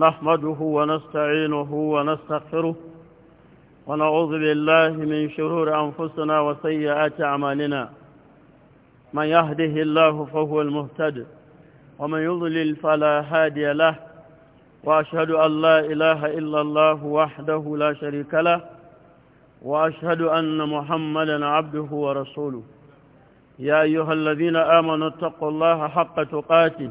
نحمده ونستعينه ونستغفره ونعوذ بالله من شرور أنفسنا وسيئات أعمالنا من يهده الله فهو المهتد ومن يضلل فلا هادي له وأشهد أن لا إله إلا الله وحده لا شريك له وأشهد أن محمدا عبده ورسوله يا أيها الذين آمنوا اتقوا الله حق تقاته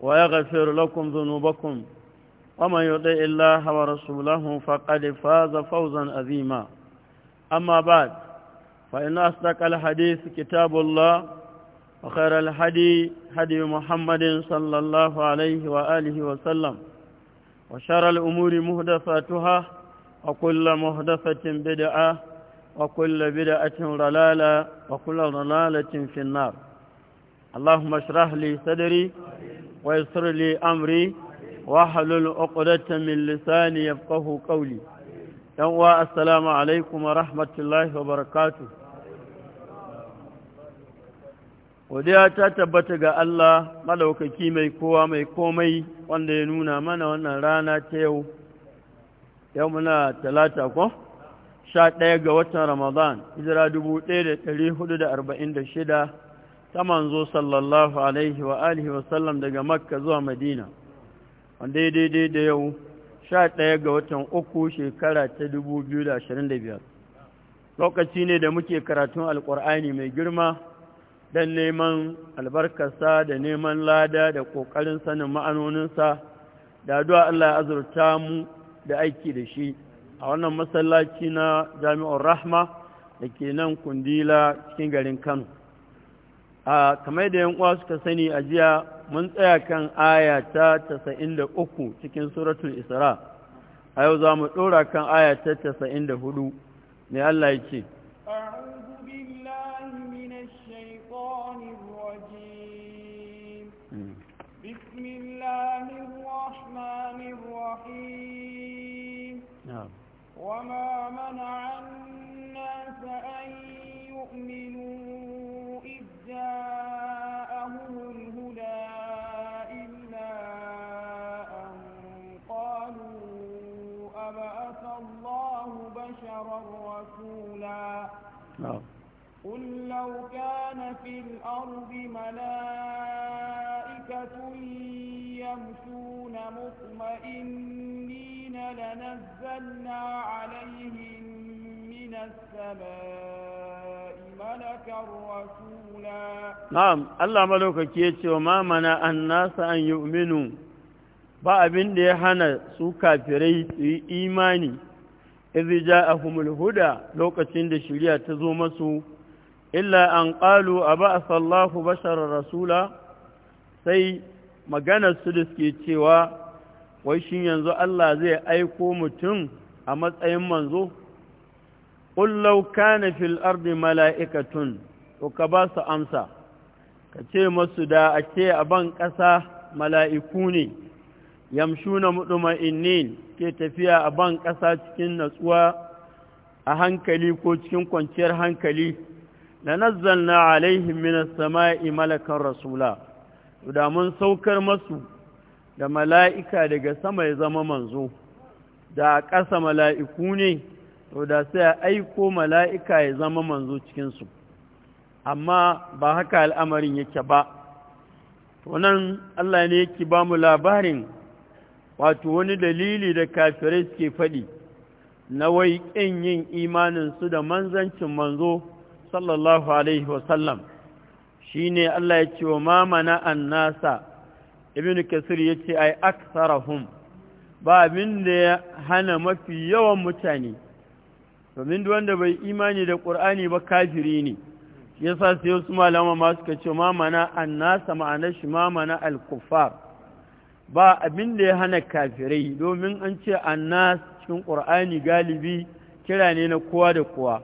ويغفر لكم ذنوبكم ومن يطع الله ورسوله فقد فاز فوزا عظيما أما بعد فإن أصدق الحديث كتاب الله وخير الحدي هدي محمد صلى الله عليه وآله وسلم وشر الأمور مهدفاتها وكل مهدفة بدعة وكل بدعة ضلالة وكل ضلالة في النار اللهم اشرح لي صدري ويسر amri أمري وحلل عقدة من لساني يفقه قولي يوى السلام عليكم ورحمة الله وبركاته Godiya ta tabbata ga Allah malaukaki mai kowa mai komai wanda ya nuna mana wannan rana ta yau, yau talata ko? Sha ɗaya ga watan Ramadan, hijira dubu ɗaya da ɗari hudu da arba'in da shida ta manzo sallallahu alaihi wa alihi wasallam daga makka zuwa madina wanda ya daidai da yau sha ɗaya ga watan uku shekara ta dubu biyu da ashirin da biyar lokaci ne da muke karatun alƙur'ani mai girma don neman albarkasa da neman lada da ƙoƙarin sanin ma'anoninsa da addu'a Allah ya azurta mu da aiki da shi a wannan masallaci na jami'ar rahma da ke nan kundila cikin garin kano a kamar da yan kwasu ka sani a jiya mun tsaya kan aya ta 93 cikin suratul isra a yau za mu ɗora kan aya ta 94 mai Allah ya ce بسم الله الرحمن الرحيم وما منع الناس أن يؤمنوا جاءهم الهدى إلا أن قالوا أبعث الله بشرا رسولا نعم. قل لو كان في الأرض ملائكة يمشون مطمئنين لنزلنا عليهم من السماء na'am Allah malaukaki ya ce wa mamana an nasa an yi uminu ba abin da ya hana su kafirai su yi imani izi ja a huda lokacin da shirya ta zo masu illa an ƙalu a ba a sallahu basharar rasula sai maganar su da suke cewa wai shi yanzu Allah zai aiko mutum a matsayin manzo قل لو كان في الأرض ملائكة وكباس أمسا كتير مسودا mala'iku ne كسا ملائكوني يمشون مطمئنين ke tafiya a ban ƙasa cikin natsuwa a hankali ko cikin kwanciyar hankali na nazzalna alaihim minas sama'i malakan rasula da mun saukar masu da mala'ika daga sama ya zama manzo da ƙasa mala'iku ne to da sai a aiko mala'ika ya zama manzo cikinsu amma ba haka al'amarin yake ba to nan Allah ne yake ba mu labarin wato wani dalili da kafirai suke faɗi na wai ƙin yin imaninsu da manzancin manzo sallallahu alaihi wasallam shi ne Allah ya ce wa mamana an nasa ibn kasir ya ce ai aksarahum ba abin da ya hana mafi yawan mutane domin wanda bai imani da ƙur'ani ba kafiri ne yasa sai wasu malama ma suka ce ma mana annasa ma'ana shi ma mana al-kuffar ba abin da ya hana kafirai domin an ce annas cikin ƙur'ani galibi kira ne na kowa da kowa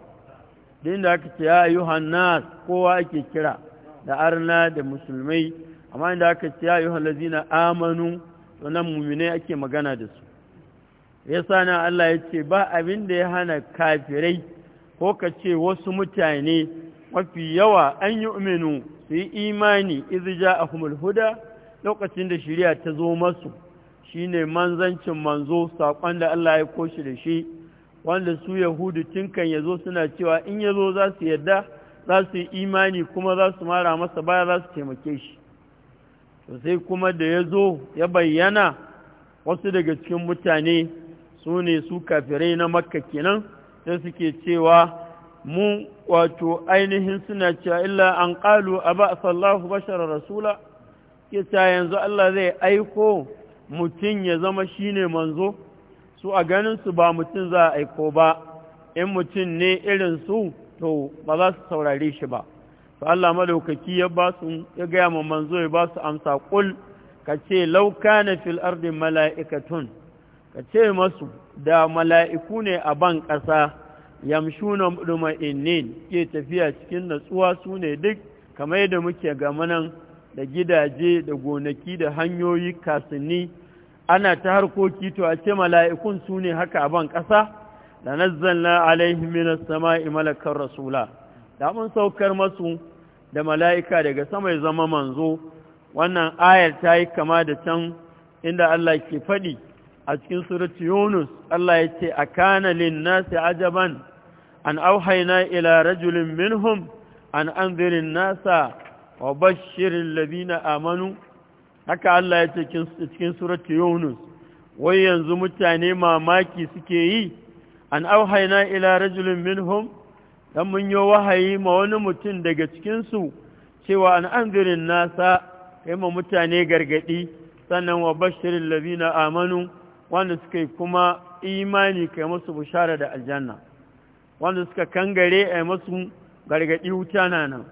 din da aka ce ya ayyuhan kowa ake kira da arna da musulmai amma inda aka ce ya ayyuhan amanu to nan muminai ake magana da su yasa nan Allah ya ce ba abin da ya hana kafirai ko ka ce wasu mutane mafi yawa an yi uminu su yi imani ja a huda lokacin da shirya ta zo masu shi ne manzancin manzo saƙon da Allah ya koshi da shi wanda su yahudu tun kan ya zo suna cewa in ya zo za su yarda za su yi imani kuma za su mara masa baya za su taimake shi sosai kuma da ya zo ya bayyana wasu daga cikin mutane su ne su kafirai na makka kenan da suke cewa mu wato ainihin suna cewa illa an ƙalu a ba sallahu bashar rasula ta yanzu Allah zai aiko mutum ya zama shine manzo su a ganin su ba mutum za a aiko ba in mutum ne irin su to ba za su saurare shi ba to Allah madaukaki ya ba su ya gaya ma manzo ya ba su amsa ƙul ka ce lauka na fil ardi mala'ikatun ka ce masu da mala'iku ne a ban ƙasa yamshuna ɗuma'innin ke tafiya cikin natsuwa su ne duk kamar da muke gamanan da gidaje da gonaki da hanyoyi kasini ana ta harkoki to a ce mala'ikun su ne haka a ban ƙasa da nazzalna alaihi min sama'i malakar rasula da mun saukar masu da mala'ika daga sama zama manzo wannan ayar ta yi kama da can inda Allah ke faɗi a cikin surat yunus Allah ya ce a kana linnasi ajaban an auhaina ila rajulin minhum an anzirin nasa wa bashirin labina amanu haka Allah ya ce cikin surat yunus wai yanzu mutane mamaki suke yi an auhaina ila rajulin minhum dan mun yi wahayi ma wani mutum daga cikinsu cewa an anzirin nasa kai ma mutane gargadi sannan wa bashirin labina amanu wanda suka yi kuma imani ka kai masu bishara da aljanna wanda suka kangare a masu gargaɗi wuta na nan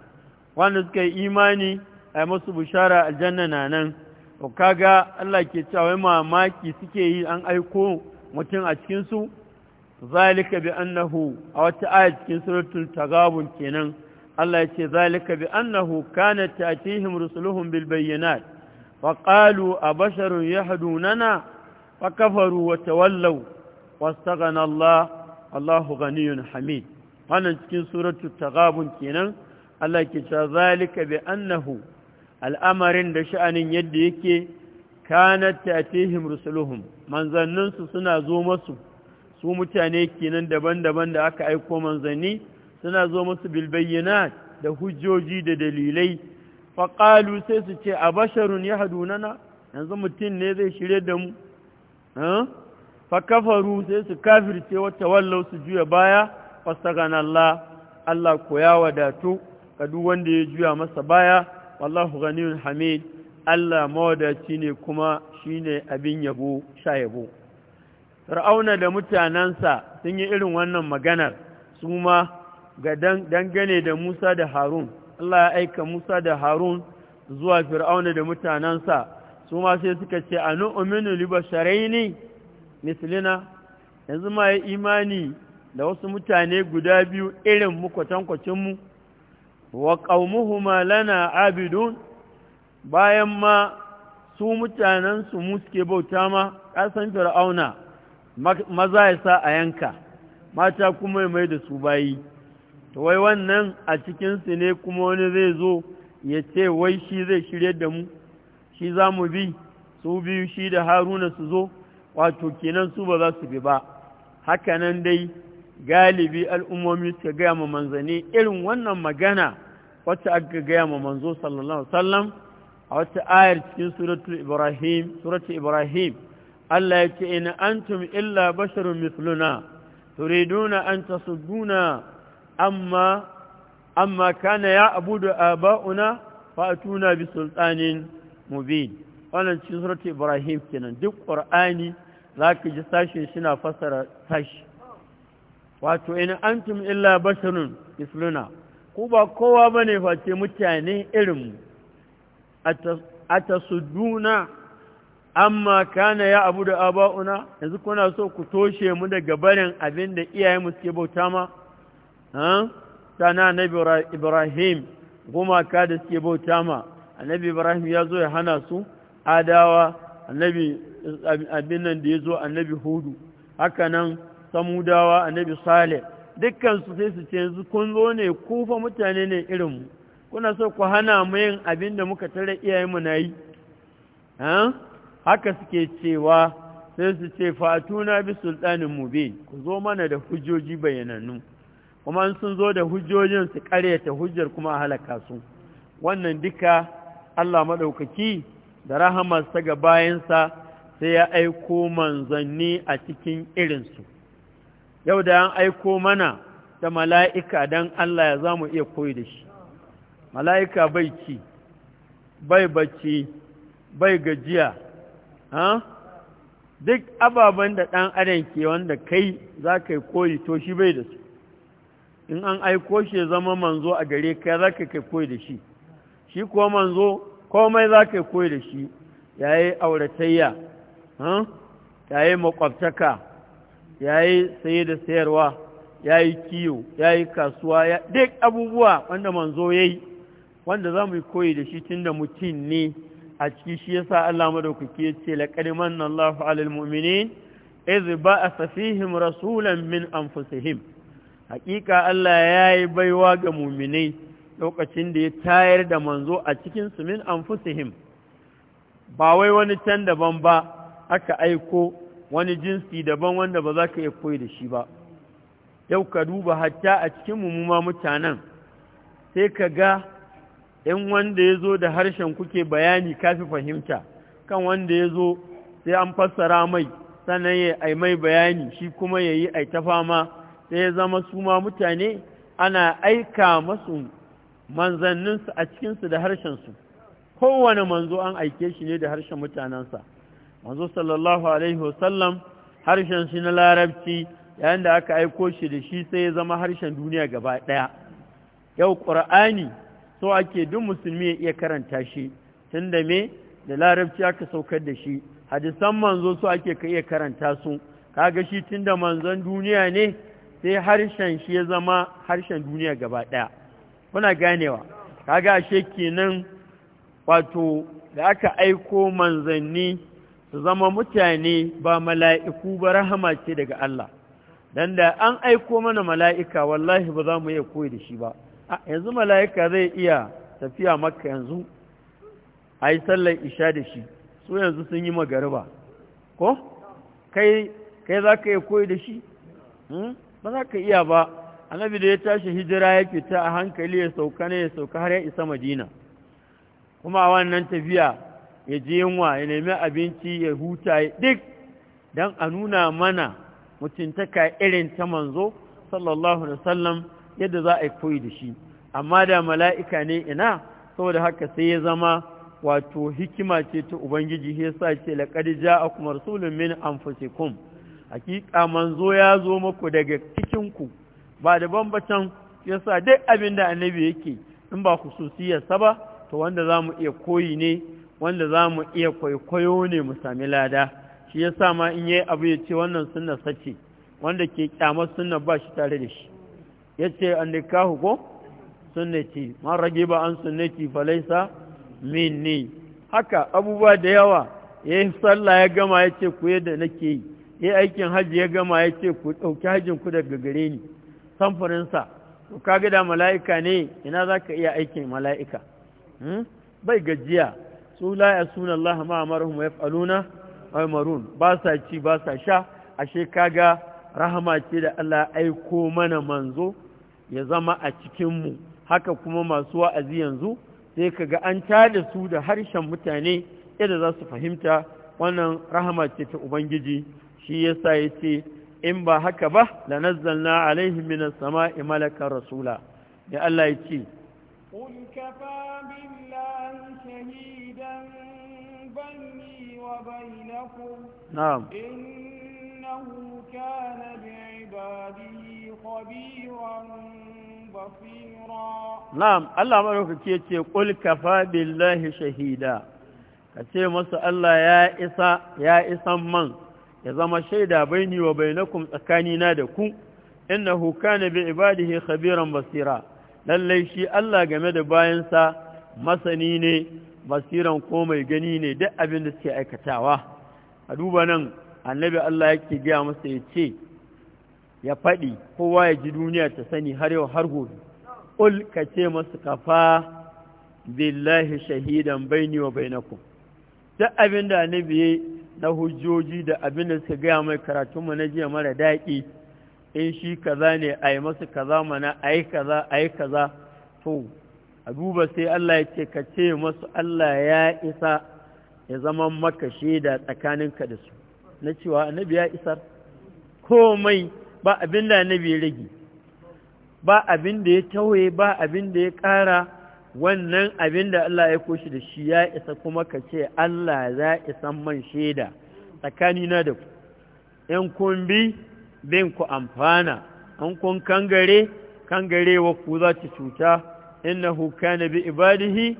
wanda suka yi imani a masu bushara aljanna na nan to kaga Allah ke cewa wai mamaki suke yi an aiko mutum a cikin su zalika bi annahu a wata aya cikin suratul tagabun kenan Allah ya ce zalika bi annahu kanat ta'tihim rusuluhum bil bayyinat wa qalu abasharun yahdunana فكفروا وتولوا واستغنى الله الله غني حميد wannan cikin suratul taghabun kenan Allah ke cewa zalika bi annahu al'amarin da sha'anin yadda yake kanat ta'tihim rusuluhum manzannin suna zo su mutane kenan daban-daban da aka aiko manzanni suna zo masu bilbayyana da hujjoji da dalilai Faƙalu sai su ce a abasharun yahdunana yanzu mutum ne zai shirye da mu fakafaru sai su kafirce wata wallau su juya baya fasagan Allah Allah koya ya wadatu ga duk wanda ya juya masa baya wallahu ghaniyun hamid Allah mawadaci ne kuma shine abin yabo sha yabo Fir'auna da mutanansa sun yi irin wannan maganar su ma ga dangane da Musa da Harun Allah ya aika Musa da Harun zuwa Fir'auna da mutanansa su ma sai suka ce a nu'minu li basharaini mislina yanzu ma yi imani da wasu mutane guda biyu irin mu kwatankwacin mu wa ma lana abidun bayan ma su mutanensu su mu suke bauta ma ƙasan fir'auna maza ya sa a yanka mata kuma mai da su bayi ta wai wannan a cikinsu ne kuma wani zai zo ya ce wai shi zai shirye da mu shi za mu bi su biyu shi da haruna su zo wato kenan su ba za su bi ba hakanan dai galibi al'ummomi suka gaya ma manzanni irin wannan magana wacce aka gaya ma manzo sallallahu sallam a wata ayar cikin suratu ibrahim ibrahim Allah ya ce ina antum illa basharun misluna turiduna an tasudduna amma amma kana ya abudu aba'una fa'atuna bi sultanin mubin wannan cikin suratul ibrahim kenan duk qur'ani zaka ji sashi suna fasara sashi wato in antum illa basharun isluna ku ba kowa bane face mutane irin mu atasudduna amma kana ya abu da aba'una yanzu kuna so ku toshe mu daga barin abin da iyayenmu suke bauta ma tana na ibrahim gumaka da suke bauta ma annabi ibrahim ya zo ya hana su adawa annabi abin nan da ya zo annabi hudu haka nan samudawa annabi sale dukkan su sai su ce yanzu kun zo ne kufa mutane ne irinmu kuna so ku hana mu yin abin da muka tare iyayenmu na yi haka suke cewa sai su ce fatuna bi sultanin mube ku zo mana da hujjoji bayanannu kuma sun zo da hujjojin su karyata hujjar kuma a halaka su wannan duka Allah maɗaukaki da rahamarsa ga bayansa sai ya aiko manzanni a cikin irinsu. Yau da an aiko mana da mala'ika don Allah ya za mu iya koyi da shi. Mala'ika bai ci, bai bacci, bai gajiya, duk ababen da ɗan adam ke wanda kai za ka koyi to shi bai da su. In an aiko shi zama manzo a gare ka za ka kai koyi da shi. shi kuwa manzo komai za ka koyi da shi ya yi auratayya ya yi makwabtaka ya yi saye da sayarwa ya yi kiyo ya yi kasuwa ya duk abubuwa wanda manzo ya yi wanda za mu koyi da shi tun da mutum ne a ciki shi ya sa Allah madaukaki ya ce laqad manna mu'minin ba a safihim rasulan min anfusihim Haƙiƙa Allah yayi baiwa ga mu'minai lokacin da ya tayar da manzo a cikin su min anfusihim ba wai wani can daban ba aka aiko wani jinsi daban wanda ba za ka iya koyi da shi ba yau ka duba hatta a cikin mummuma mutanen sai ka ga in wanda ya zo da harshen kuke bayani kafi fahimta kan wanda ya zo sai an fassara mai sannan ya ai mai bayani shi kuma ya yi ai ta fama sai ya zama su ma mutane ana aika masu manzanninsu a cikin cikinsu da harshen su, kowane manzo an aike shi ne da harshen mutanensa manzo sallallahu alaihi wasallam harshen shi na larabci yayin da aka aiko shi da shi sai ya zama harshen duniya gaba daya yau ƙur'ani so ake duk musulmi ya iya karanta shi tun da me da larabci aka saukar da shi hadisan manzo so ake ka iya karanta su kaga shi tunda manzon duniya ne sai harshen shi ya zama harshen duniya gaba ɗaya kuna ganewa kaga ashe kenan wato da aka aiko manzanni su zama mutane ba mala'iku ba rahama ce daga Allah dan da an aiko mana mala'ika wallahi ba za mu iya koyi da shi ba yanzu mala'ika zai iya tafiya maka yanzu a yi sallar isha da shi su yanzu sun yi magariba ko kai za ka iya koyi da shi hmm? ba za ka iya ba annabi da ya tashi hijira ya fita a hankali ya sauka ne ya sauka har ya isa madina kuma a wannan tafiya ya je yunwa ya nemi abinci ya huta duk don a nuna mana mutuntaka irin ta manzo sallallahu alaihi wasallam yadda za a koyi da shi amma da mala'ika ne ina saboda haka sai ya zama wato hikima ce ta ubangiji ya sa ce a kuma rasulun min anfusikum hakika manzo ya zo muku daga cikinku ba da bambatan yasa duk abin da annabi yake in ba khususiyarsa ba to wanda za mu iya koyi ne wanda za mu iya kwaikwayo ne mu sami lada shi ya sa ma in yi abu ya ce wannan sunna sace wanda ke kyamar sunna ba shi tare da shi ya ce an kahu ko sunnati man rage ba an sunnati falaisa minni haka abubuwa da yawa ya yi sallah ya gama ya ce ku yadda nake yi ya aikin hajji ya gama ya ce ku ɗauki hajjin ku daga gare ni samfurinsa to kaga da mala'ika ne ina za ka iya aikin mala'ika hmm? bai gajiya su la suna Allah ma amarhum ya faluna ay marun ba sa ci ba sa sha ashe kaga rahama ce da Allah aiko mana manzo ya zama a cikinmu haka kuma masu wa'azi yanzu sai ka ga an tada su da harshen mutane yadda za su fahimta wannan rahama ce ta ubangiji shi yasa ce. in ba haka ba la nazzalna alaihi min as-sama'i malaka rasula ya Allah ya ce qul kafa billahi shahidan bayni wa bainakum na'am innahu kana bi'ibadihi khabiran basira na'am Allah ma yake ce ce qul kafa billahi shahida ka ce masa Allah ya isa ya isan man ya zama shaida baini wa bainakum na da ku innahu na bi ibadihi khabiran basira lallai shi Allah game da bayansa masani ne basiran ko mai gani ne duk abin da suke aikatawa a duba nan annabi Allah yake gaya masa ya ce ya faɗi kowa ya ji duniya ta sani har yau har gobe ƙul ka ce masu kafa billahi shahidan baini wa bainakum duk abin da annabi na hujjoji da abin da suka gaya mai karatunmu na jiya mara daƙi in shi kaza ne a yi masu kaza mana a yi kaza a yi kaza to a duba sai Allah ya ce ka ce masu Allah ya isa ya zama maka shaida tsakaninka da su na cewa annabi ya isar komai ba abin da annabi ya rage ba abin da ya tauye ba abin da ya ƙara wannan abin da Allah ya koshi da shi ya isa kuma ka ce Allah za isa man shaida na da ku in kun bi bin ku amfana in kun kangare kangare wa ku za ci cuta innahu kana bi ibadihi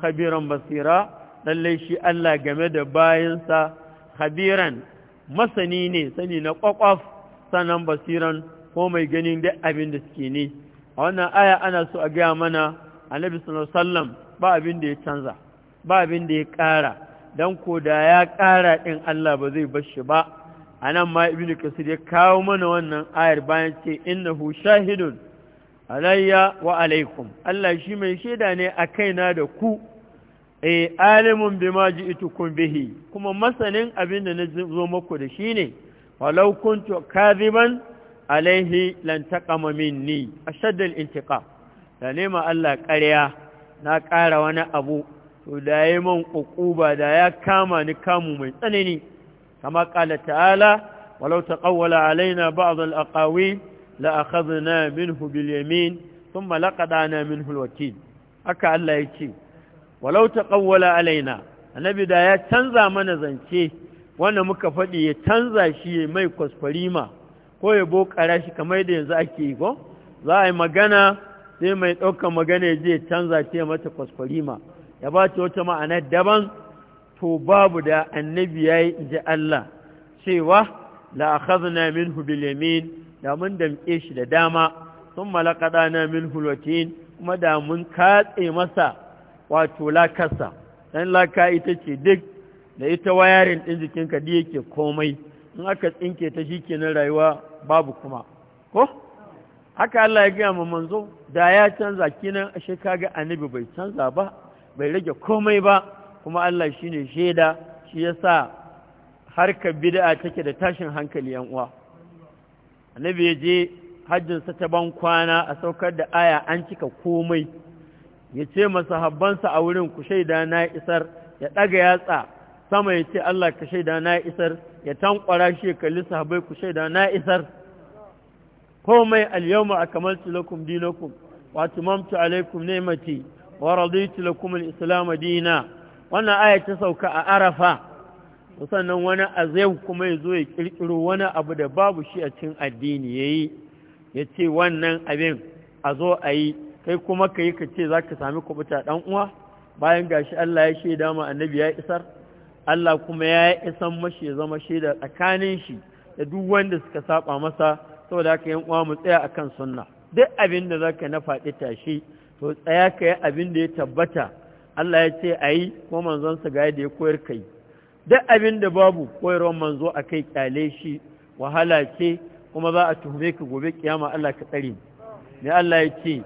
khabiran basira lallai shi Allah game da bayansa khabiran masani ne sani na kwakwaf sanan basiran ko mai ganin duk abin da suke ne a wannan aya ana so a gaya mana annabi sallallahu alaihi ba abin da ya canza ba abin da ya ƙara dan ko da ya ƙara din Allah ba zai bar shi ba anan ma ibnu kasir ya kawo mana wannan ayar bayan ce innahu shahidun alayya wa alaikum Allah shi mai shaida ne a kaina da ku Eh, alimun bima ji'tukum bihi kuma masanin abin da na zo muku da shi ne walau kuntu kadhiban alaihi lan taqama minni ashadd al-intiqam da nema Allah ƙarya na ƙara wani abu to da ya yi man ƙuƙuba da ya kama ni kamu mai tsanani kama ƙala ta'ala walau ta ƙawwala alaina ba'd al-aqawil la min minhu yamin sun laqadana ɗana min wakil haka Allah ya ce. walau ta ƙawwala alaina annabi da ya canza mana zance wanda muka faɗi ya canza shi ya mai kwasfarima ko ya bokara shi kamar da yanzu ake yi ko za a yi magana sai mai ɗaukar magana zai canza ce mata kwaskwarima ya ba ta wata ma'ana daban to babu da annabi ya yi ji Allah cewa la'akhazna min bil yamin da mun damƙe shi da dama sun malakada na min hulwatin kuma da mun katse masa wato lakasa. Ɗan laka ita ce duk da ita wayarin ɗin jikinka da yake komai in aka tsinke ta shi kenan rayuwa babu kuma ko haka Allah ya gaya ma manzo da ya canza kinan ashe kaga annabi bai canza ba bai rage komai ba kuma Allah shine shaida shi yasa harkar bid'a take da tashin hankali yan uwa annabi ya je hajjinsa ta ban kwana a saukar da aya an cika komai ya ce masahabbansa a wurin ku shaida na isar ya daga yatsa sama ya ce Allah ka shaida na isar ya tankwara shi ya kalli sahabbai ku shaida na isar komai al-yawma akmaltu lakum dinakum wa atmamtu alaykum ni'mati wa raditu lakum al-islam dina wannan aya ta sauka a arafa sannan wani azai kuma yazo ya kirkiro wani abu da babu shi a cikin addini yayi yace wannan abin a zo a yi kai kuma ka kace zaka sami kubuta dan uwa bayan gashi Allah ya shaida ma annabi ya isar Allah kuma ya isan mashi ya zama shaida tsakanin shi da duk wanda suka saba masa saboda haka yan uwa mu tsaya akan sunna duk abin da zaka na faɗi tashi to tsaya ka yi abin da ya tabbata Allah ya ce ayi ko manzon sa ga yadda ya koyar kai duk abin da babu koyarwar manzo akai kyale shi wahala ce kuma za a tuhume ka gobe kiyama Allah ka tsare ne Allah ya ce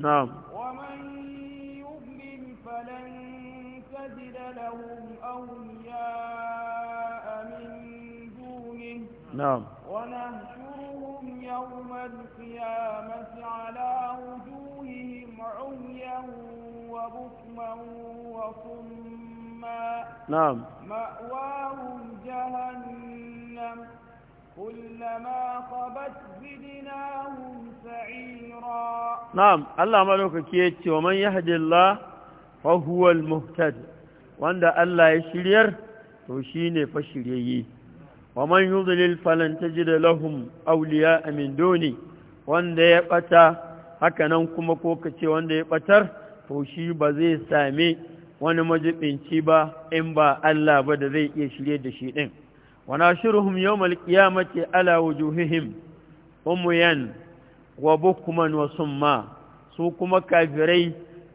Na'am ومن فلن تجد نعم ونهشرهم يوم القيامة على وجوههم عميا وبكما وصما نعم مأواهم جهنم كلما خبت زدناهم سعيرا نعم الله ملوك كيتي ومن يهدي الله فهو المهتد وعند الله يشرير to shi ne fashiryayi ومن يضلل فلن تجد لهم أولياء من دوني wanda ya bata hakanan kuma ko kace wanda ya batar to shi ba zai same wani majibinci ba in ba Allah ba da zai iya shirye da shi ɗin wana shiruhum yawmal qiyamati ala wujuhihim umyan wa bukman wa summa su kuma kafirai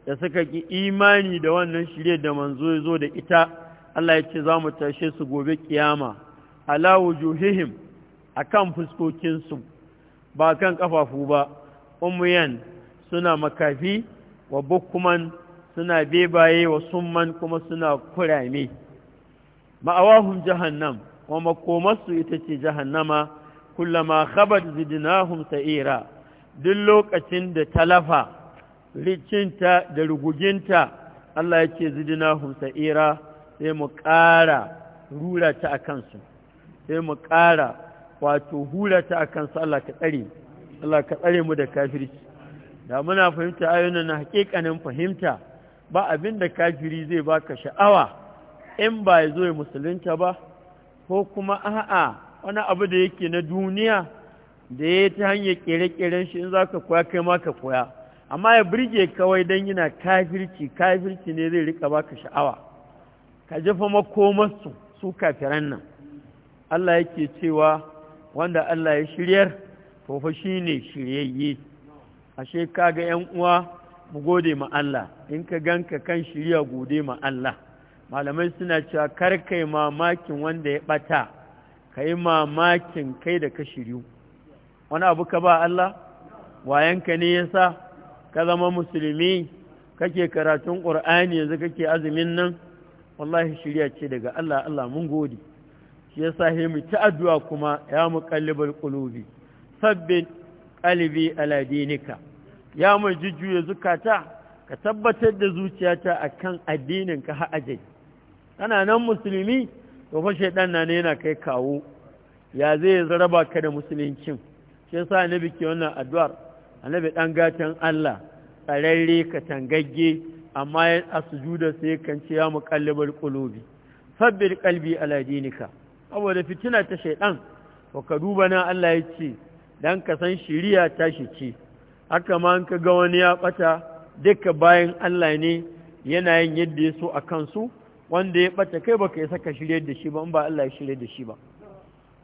da suka ki imani da wannan shirye da manzo zo da ita Allah ya ce za mu tashe su gobe kiyama ala wujuhihim akan fuskokinsu ba kan ƙafafu ba umyan suna makafi wa bukuman suna bebaye wa summan kuma suna kurame ma'awahum jahannam wa makomarsu ita ce jahannama kullama khabat zidnahum sa'ira duk lokacin da talafa ricinta da ruguginta Allah ya ce zidnahum sa'ira sai mu ƙara rura ta a kansu sai mu ƙara wato hula ta a kansu Allah ka tsare Allah ka tsare mu da kafirci da muna fahimta ayoyin na haƙiƙanin fahimta ba abin da kafiri zai baka sha'awa in ba ya zo ya musulunta ba ko kuma a'a wani abu da yake na duniya da ya ta hanyar ƙere-ƙeren shi in za ka koya kai ma ka koya amma ya birge kawai don yana kafirci kafirci ne zai rika baka sha'awa ka jefa makomarsu su kafiran nan Allah yake cewa wanda Allah ya shiryar to fa ne shiryayye ashe kaga yan uwa mu gode ma Allah in ka ganka kan shirya gode ma Allah malamai suna cewa kar kai mamakin wanda ya bata kai mamakin kai da ka shiryu wani abu ka ba Allah wayanka ne yasa ka zama musulmi kake karatun ƙur'ani yanzu kake azumin nan wallahi shirya ce daga Allah Allah mun gode Ya sa mu ta addu'a kuma ya kallibar qulubi sabbin qalbi ala dinika ya mu jujjuya zukata ka tabbatar da zuciyata akan addinin ka ha'ajai kana nan musulmi to fa shaydan na ne yana kai kawo ya zai zaraba ka da musuluncin shi yasa annabi ke wannan addu'ar annabi dan gatan Allah tsararre ka tangagge amma a sujuda sai kan ce ya muqallibal qulubi sabbin qalbi ala dinika saboda fitina ta shaiɗan, wa ka duba na Allah ya ce dan ka san shiriya ta shi ce haka ma an ka ga wani ya bata duka bayan Allah ne yana yin yadda ya so a kansu wanda ya bata kai baka yi saka shirya da shi ba in ba Allah ya shirye da shi ba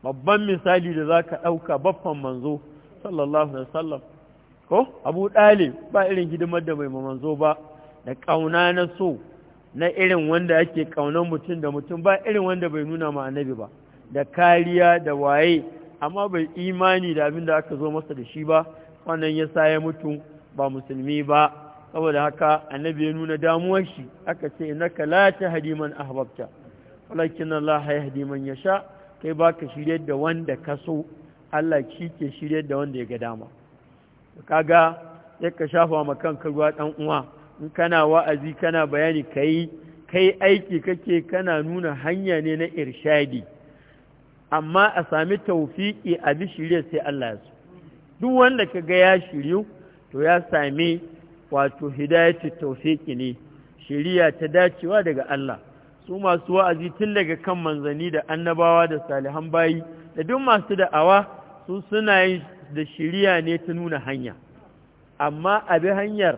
babban misali da zaka ɗauka baffan manzo sallallahu alaihi wasallam ko Abu Dalib ba irin hidimar da bai manzo ba da kauna na so na irin wanda ake kaunan mutum da mutum ba irin wanda bai nuna ma annabi ba da kariya da waye amma bai imani da abin da aka zo masa da shi ba wannan ya sa ya mutu ba musulmi ba saboda haka annabi ya nuna damuwar shi aka ce innaka la tahdi man ahbabta walakin Allah yahdi man yasha kai baka shiryar da wanda ka so Allah shi ke shiryar da wanda ya ga dama kaga ya ka shafa ma kanka ruwa dan uwa in kana wa'azi kana bayani kai kai aiki kake kana nuna hanya ne na irshadi amma a sami taufiƙi a bi shirya sai Allah ya so duk wanda ka ga ya shiryu to ya sami wato hidayatu taufiƙi ne shiriya ta dacewa daga Allah su masu wa'azi tun daga kan Manzani da annabawa da salihan bayi da duk masu da'awa su suna yin da shiriya ne ta nuna hanya amma a bi hanyar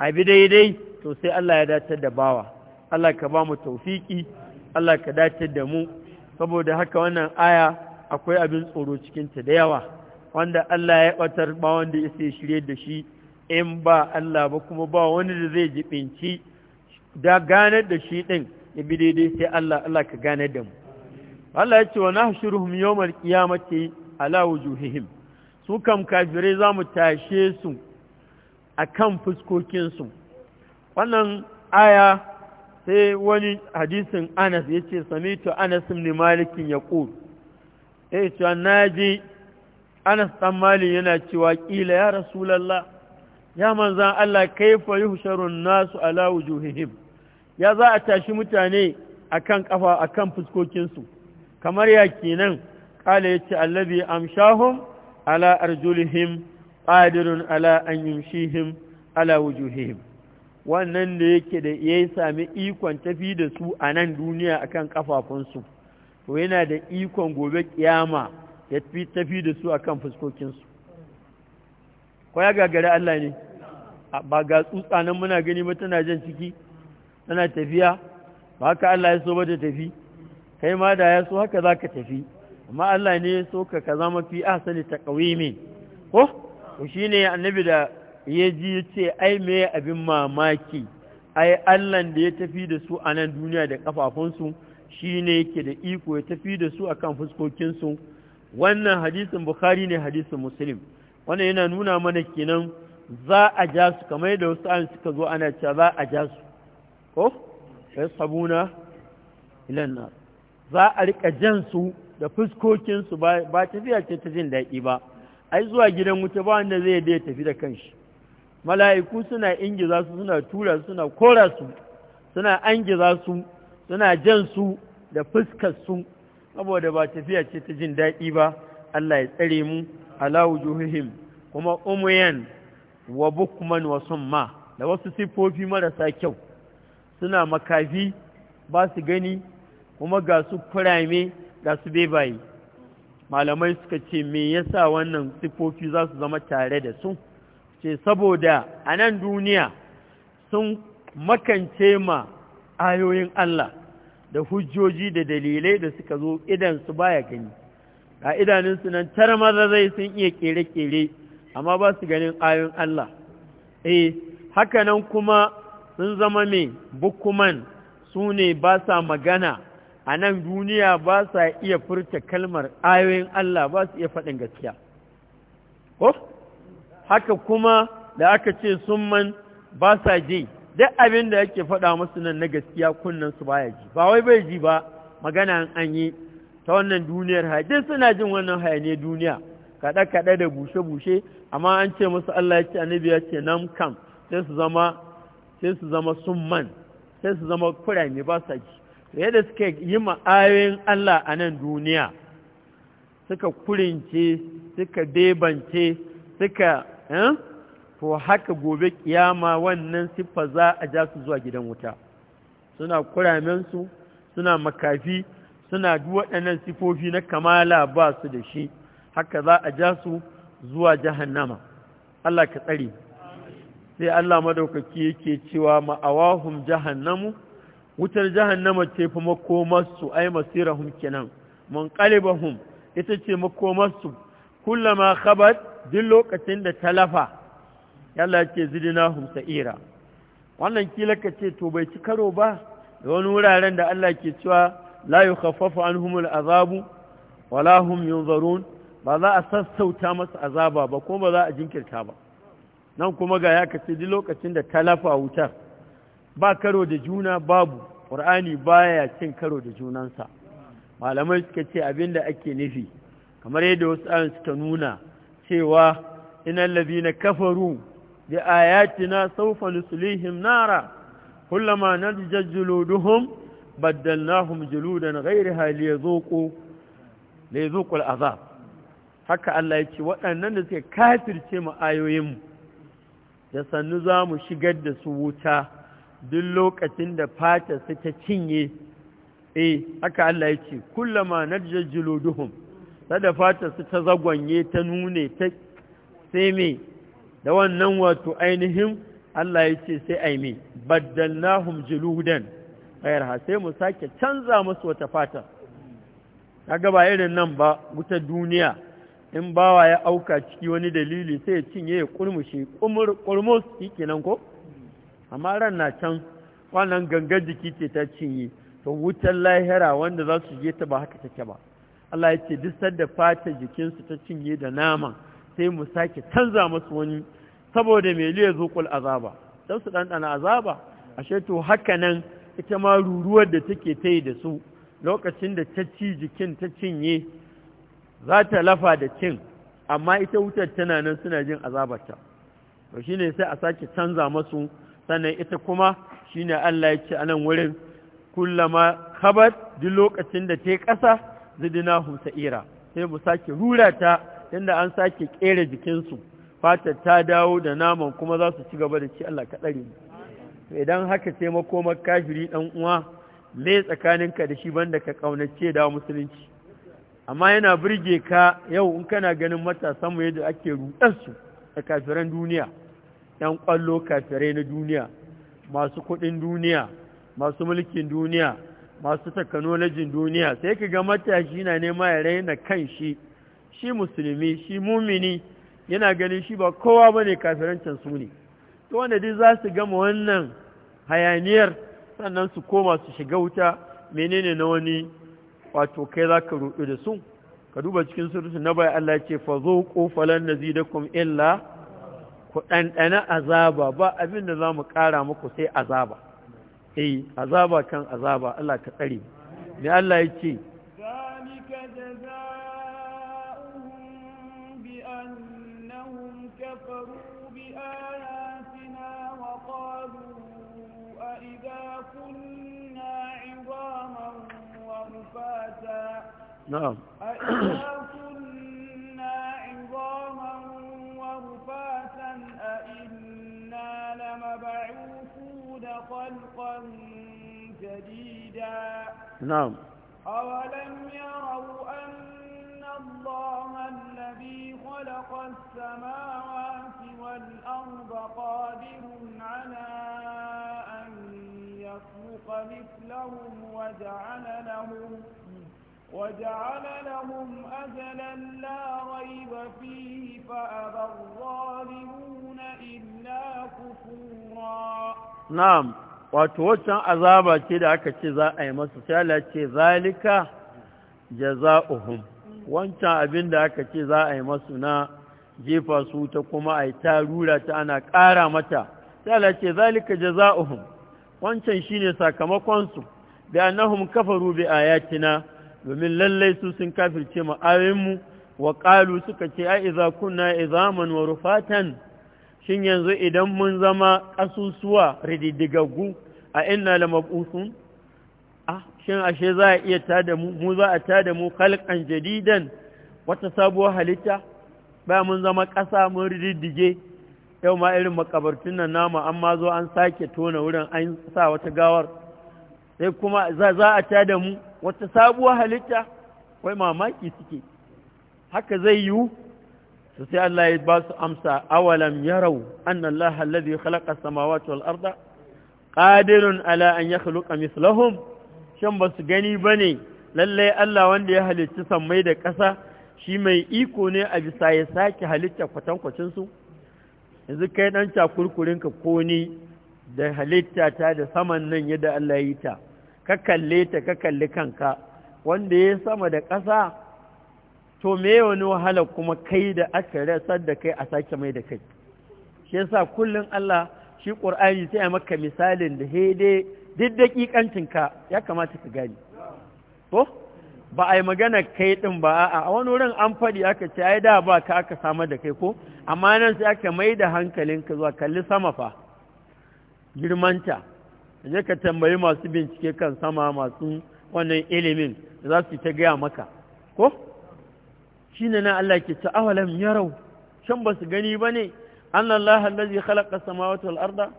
a bi daidai to sai Allah ya datar da bawa Allah ka ba mu taufiƙi Allah ka datar da mu saboda haka wannan aya akwai abin tsoro cikinta da yawa wanda Allah ya ɓatar ba wanda ya sai shirye da shi in ba Allah ba kuma ba wani da zai jibinci da ganar da shi din ya bi daidai sai Allah Allah ka ganar da mu Allah ya ce wa nahshuruhum yawmal qiyamati ala wujuhihim su kam kafirai za mu tashe su akan fuskokin su wannan aya sai wani hadisin anas ya ce samitu anas ne malikin ya ƙul ya eh, cewa na ji anas ɗan mali yana cewa ƙila ya rasulallah ya manzan Allah kaifa yi husharun nasu ala wujuhihim ya za a tashi mutane a kan ƙafa a kan fuskokinsu kamar ya kenan ƙala ya ce allabi amshahun ala arjulihim ƙadirun ala an yumshihim ala wujuhihim wannan da yake da ya sami ikon tafi da su a nan duniya akan kafafunsu to yana da ikon gobe kiyama ya tafi da su akan fuskokinsu ko ya gagari Allah ne ba ga tsutsa nan muna gani ba tana jan ciki tana tafiya ba haka Allah ya so ba ta tafi kai ma da ya so haka za ka tafi amma Allah ne ya so ka ka zama fi ahsani taqwimin ko to shine annabi da ya ji ya ce ai me abin mamaki ai allan da ya tafi da su a nan duniya da kafafunsu shi ne yake da iko ya tafi da su a kan fuskokinsu wannan hadisin bukhari ne hadisin muslim wannan yana nuna mana kenan za a ja su kamar yadda wasu an suka zo ana cewa za a ja su ko ya sabuna ilan za a rika jan su da fuskokinsu ba tafiya ce ta jin daɗi ba ai zuwa gidan wuta ba wanda zai da ya tafi da kanshi mala'iku suna ingiza su suna tura suna kora su suna angiza su suna jan su da fuskar su saboda ba tafiya ce ta jin daɗi ba Allah ya tsare mu alawu wujuhihim kuma umuyan wa bukman wa summa da wasu siffofi marasa kyau suna makafi ba su gani kuma ga su kurame ga su bebaye malamai suka ce me yasa wannan siffofi za su zama tare da su ce saboda a nan duniya sun makance ma ayoyin Allah da hujjoji da dalilai da suka zo su baya gani a idanunsu nan tar maza zai sun iya kere-kere amma ba su ganin ayoyin Allah eh haka nan kuma sun zama mai bukuman su ne ba sa magana a nan duniya ba sa iya furta kalmar ayoyin Allah ba su iya faɗin gaskiya. Ko? haka kuma da aka ce man ba sa ji duk abin da yake faɗa musu nan na gaskiya kunnen su baya ji ba wai bai ji ba magana an yi ta wannan duniyar haɗe suna jin wannan haya ne duniya kaɗe-kaɗe da bushe-bushe amma an ce musu Allah ya ce annabi ya ce nam kam sai su zama sai su summan sai su zama kurame ba sa ji yadda suka yi ma'ayoyin Allah a nan duniya suka kurince suka debance suka eh? to haka gobe kiyama wannan siffa za a ja su zuwa gidan wuta suna kuramensu suna makafi suna duk waɗannan sifofi na kamala ba su da shi haka za a ja su zuwa jahannama Allah ka tsare sai Allah madaukaki yake cewa ma'awahum jahannamu wutar jahannama ce fa makomarsu ai masirahum kenan qalibahum ita ce makomarsu kullama khabat duk lokacin da talafa yalla ce husa ira wannan kila ka ce to bai ci karo ba da wani wuraren da Allah ke cewa la yukhaffafu anhumul azabu wala hum yunzarun ba za a sassauta masa azaba ba ko ba za a jinkirta ba nan kuma ga ya kace duk lokacin da talafa wutar ba karo da juna babu qur'ani baya cin karo da junansa malamai suka ce abinda ake nufi kamar yadda wasu ayan suka nuna cewa inal ladina kafaru bi ayatina sawfa nuslihim nara kullama nadjat juluduhum na gairi hali ya liyazuqu al'azab haka Allah ya ce waɗannan da suke kafirce mu ayoyin da sannu za mu shigar da su wuta duk lokacin da fata su ta cinye eh haka Allah ya ce kullama nadjat juluduhum sada fata su ta zagwanye ta nune ta sai da wannan wato ainihin Allah ya ce sai ai me baddalnahum juludan ghayr sai mu sake canza musu wata fata kaga ba irin nan ba wuta duniya in bawa ya auka ciki wani dalili sai ya cinye ya kurmushe kurmus kenan ko amma ran na can wannan gangar jiki ce ta cinye to wutar lahira wanda za su je ta ba haka take ba Allah ya ce duk da fata jikinsu ta cinye da nama sai mu sake canza masu wani saboda mai liya zokul azaba don su ɗanɗana azaba ashe to haka nan ita ma ruruwar da take ta yi da su lokacin da ta ci jikin ta cinye za ta lafa da cin amma ita wutar tana nan suna jin azabarta to shine sai a sake canza masu sannan ita kuma shine Allah ya ce a nan wurin kullama khabat duk lokacin da ta yi ƙasa zidnahum sa'ira sai mu sake rura ta inda an sake kera jikinsu Fata ta dawo da naman kuma za su ci gaba da ci Allah ka idan haka ce makomar kafiri ɗan uwa tsakanin tsakaninka da shi banda ka kaunace da musulunci amma yana burge ka yau in kana ganin mu yadda ake rudarsu da kafiran duniya ‘yan kwallo kafirai na duniya masu kuɗin duniya masu mulkin duniya masu takanolojin duniya sai ka ga matashi na nema ya raina kan shi shi musulmi shi mumini yana ganin shi ba kowa ba ne kafirancin su ne to wanda duk za su gama wannan hayaniyar sannan su koma su shiga wuta menene na wani wato kai za ka roƙi da su ka duba cikin surutu na bai Allah ce fa zo kofalan na zidakun illa ku ɗanɗana azaba ba abin da za mu ƙara muku sai azaba eh azaba kan azaba Allah ka tsare ne Allah ya ce a na'am خلقا جديدا نعم أولم يروا أن الله الذي خلق السماوات والأرض قادر على أن يخلق مثلهم وجعل لهم وجعل لهم أجلا لا ريب فيه فأبى الظالمون إلا كفورا نعم wato waccan azaba ce da aka ce za a yi masu sai ce zalika jaza'uhum wancan abin da aka ce za a yi masu na jefa su ta kuma a yi ta rura ta ana ƙara mata sai ce zalika jaza'uhum wancan shine sakamakonsu bi annahum kafaru bi ayatina domin lallai su sun kafirce mu wa ƙalu suka ce a iza na izaman wa rufatan shin yanzu idan mun zama ƙasusuwa rididdigaggu a inna la mab'usun shin ashe za a iya tada mu mu za a tada mu khalqan jadidan wata sabuwar halitta ba mun zama ƙasa mun rididige. yau ma irin makabartun nan nama an ma zo an sake tona wurin an sa wata gawar sai kuma za a tada mu wata sabuwar halitta wai mamaki suke haka zai yiwu su sai Allah ya ba su amsa awalam yarau anna Allah alladhi khalaqa samawati wal arda qadirun ala an yakhluqa mithlahum shan ba su gani bane lalle Allah wanda ya halicci sammai da ƙasa shi mai iko ne a bisa ya sake halitta kwacin su yanzu kai dan cakurkurin ka ko ni da halitta ta da saman nan yadda Allah ya yi ta ka kalle ta ka kalli kanka wanda ya sama da ƙasa to me wani wahala kuma kai da aka rasar da kai a sake mai da kai shi yasa kullum Allah shi ƙur'ani sai ya maka misalin da hede duk daƙiƙancinka ya kamata ka gani to ba a yi magana kai ɗin ba a wani wurin an faɗi aka ce ai da ba ka aka samar da kai ko amma nan sai aka mai da hankalinka zuwa kalli sama fa girmanta je ka tambayi masu bincike kan sama masu wannan ilimin za su ta gaya maka ko shi ne na Allah ke ta'awalam yarau can ba su gani ba ne an Allah allazi khalaqa samawati wal al'arda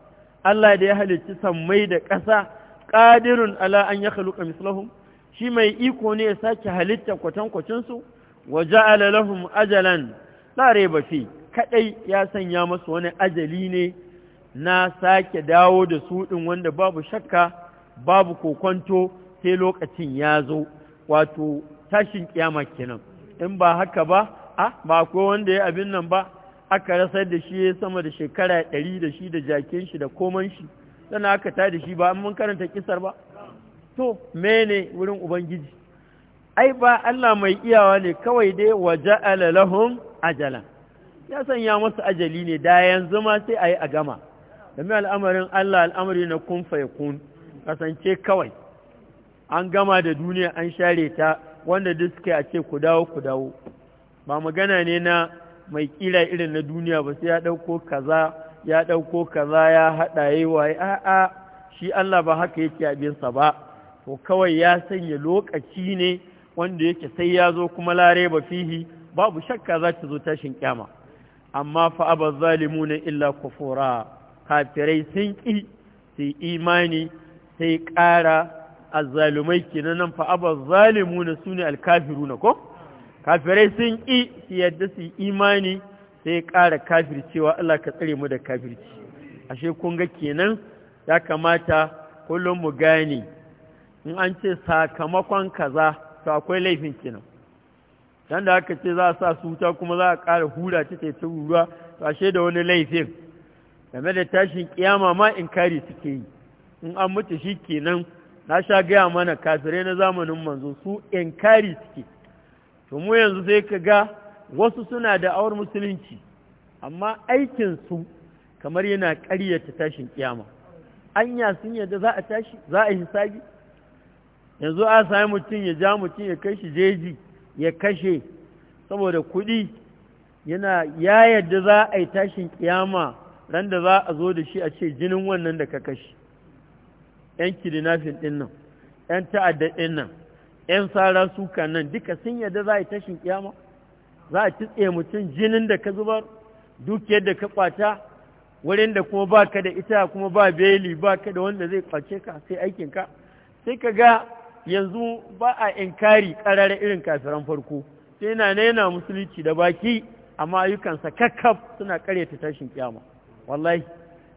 Allah da ya halicci sammai da ƙasa Ƙadirun ala an ya haluka mislahun shi mai iko ne ya sake halitta kwatankwacin su wa ja'ala lahum ajalan la rayba fi kadai ya sanya masu wani ajali ne na sake dawo da su ɗin wanda babu shakka babu kokwanto sai lokacin ya zo wato tashin kiyama kenan in ba haka ba a ba ko wanda ya abin nan ba aka rasar da shi ya sama da shekara ɗari da shi da jakin shi da koman shi sannan aka ta da shi ba an mun karanta kisar ba to mene wurin ubangiji ai ba Allah mai iyawa ne kawai dai waja'ala lahum ajalan ya sanya masu ajali ne da yanzu ma sai ayi a gama game al'amarin Allah al'amari na kun faikun kasance kawai an gama da duniya an share ta wanda duk suka a ce ku dawo ku dawo ba magana ne na mai ƙira irin na duniya ba sai ya ɗauko kaza ya ɗauko kaza ya haɗa yi waye a'a shi Allah ba haka yake abinsa ba to kawai ya sanya lokaci ne wanda yake sai ya zo kuma lare ba fihi babu shakka za ta zo tashin kyama amma fa aba zalimuna illa kufura kafirai sun ƙi su imani sai ƙara azzalumai ke nan fa abu zalimu na su ne alkafiru na ko kafirai sun ƙi su yadda su imani sai ƙara kafircewa Allah ka tsare mu da kafirci ashe kunga kenan ya kamata kullum mu gane in an ce sakamakon kaza to akwai laifin kenan dan da aka ce za a sa su wuta kuma za a ƙara hura ta ta ruwa to ashe da wani laifin game da tashin kiyama ma in inkari suke yi in an mutu shi kenan na sha gaya mana kafirai na zamanin manzo su in inkari suke to mu yanzu sai ka ga wasu suna da awar musulunci amma aikin su kamar yana ƙaryata tashin kiyama anya sun yadda za a tashi za a hisabi yanzu a sami mutum ya ja mutum ya kai shi jeji ya kashe saboda kuɗi yana ya yadda za a yi tashin kiyama ran da za a zo da shi a ce jinin wannan da ka kashi ‘yan kidinafin ɗin nan ‘yan ta'adda ɗin nan ‘yan sara suka nan duka sun yadda za a yi tashin kiyama za a kitse mutum jinin da ka zubar Duk yadda ka kwata wurin da kuma ba ka da ita kuma ba beli ba ka da wanda zai kwace ka sai aikin ka? sai ka ga yanzu ba a inkari ƙarara irin kafiran farko sai na yana musulunci da baki amma ayyukansa kakkaf suna karyata tashin kiyama wallahi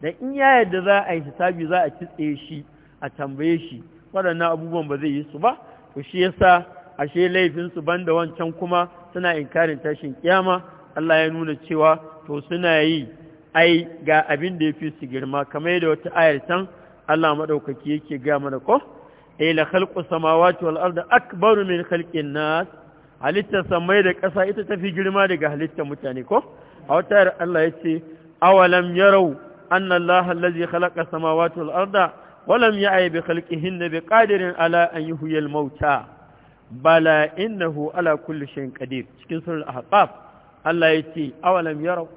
da in ya yarda za a yi hisabi za a kitse shi a tambaye shi waɗannan abubuwan ba zai yi su ba to shi yasa ashe laifin su banda wancan kuma suna inkarin tashin kiyama Allah ya nuna cewa to suna yi ai ga abin da yafi su girma kamar yadda wata ayar can Allah madaukaki yake ga mana ko ay eh, la khalqu samawati wal ardi akbaru min khalqin nas halittar samai da ƙasa ita tafi girma daga halittar mutane ko a wata Allah ya ce awalam yarau anna Allah allazi khalaqa samawati wal arda walam ya'i bi khalqihinna bi qadirin ala an yuhyiya al mauta bala innahu ala kulli shay'in qadir cikin surah ahqaf Allah yace awalam yarau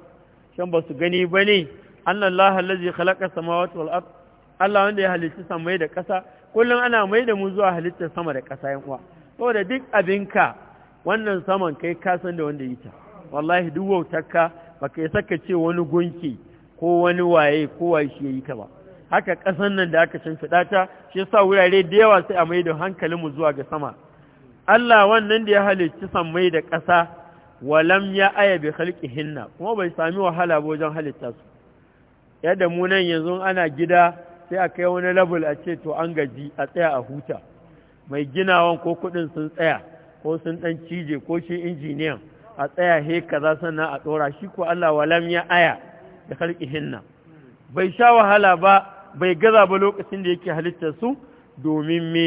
shan basu gani bane anna Allah Allah wanda ya halitta samai da ƙasa kullum ana mai da mu zuwa halittar sama da ƙasa yin uwa saboda duk abinka wannan saman kai ka san da wanda yi ta wallahi duk wautarka baka isa ka ce wani gunki ko wani waye ko waye shi yayi ka ba haka ƙasan nan da aka can ta shi sa wurare da yawa sai a mai da mu zuwa ga sama Allah wannan da ya halicci san mai da ƙasa walam ya aya bi hinna kuma bai sami wahala ba wajen halitta su yadda mu nan yanzu ana gida sai a kai wani level a ce to an gaji a tsaya a huta mai ginawan ko kuɗin sun tsaya ko sun ɗan cije ko shi injiniyan a tsaya he kaza sannan a tsora shi ko Allah walam ya aya da hinna bai sha wahala ba bai gaza ba lokacin da yake halittar su domin me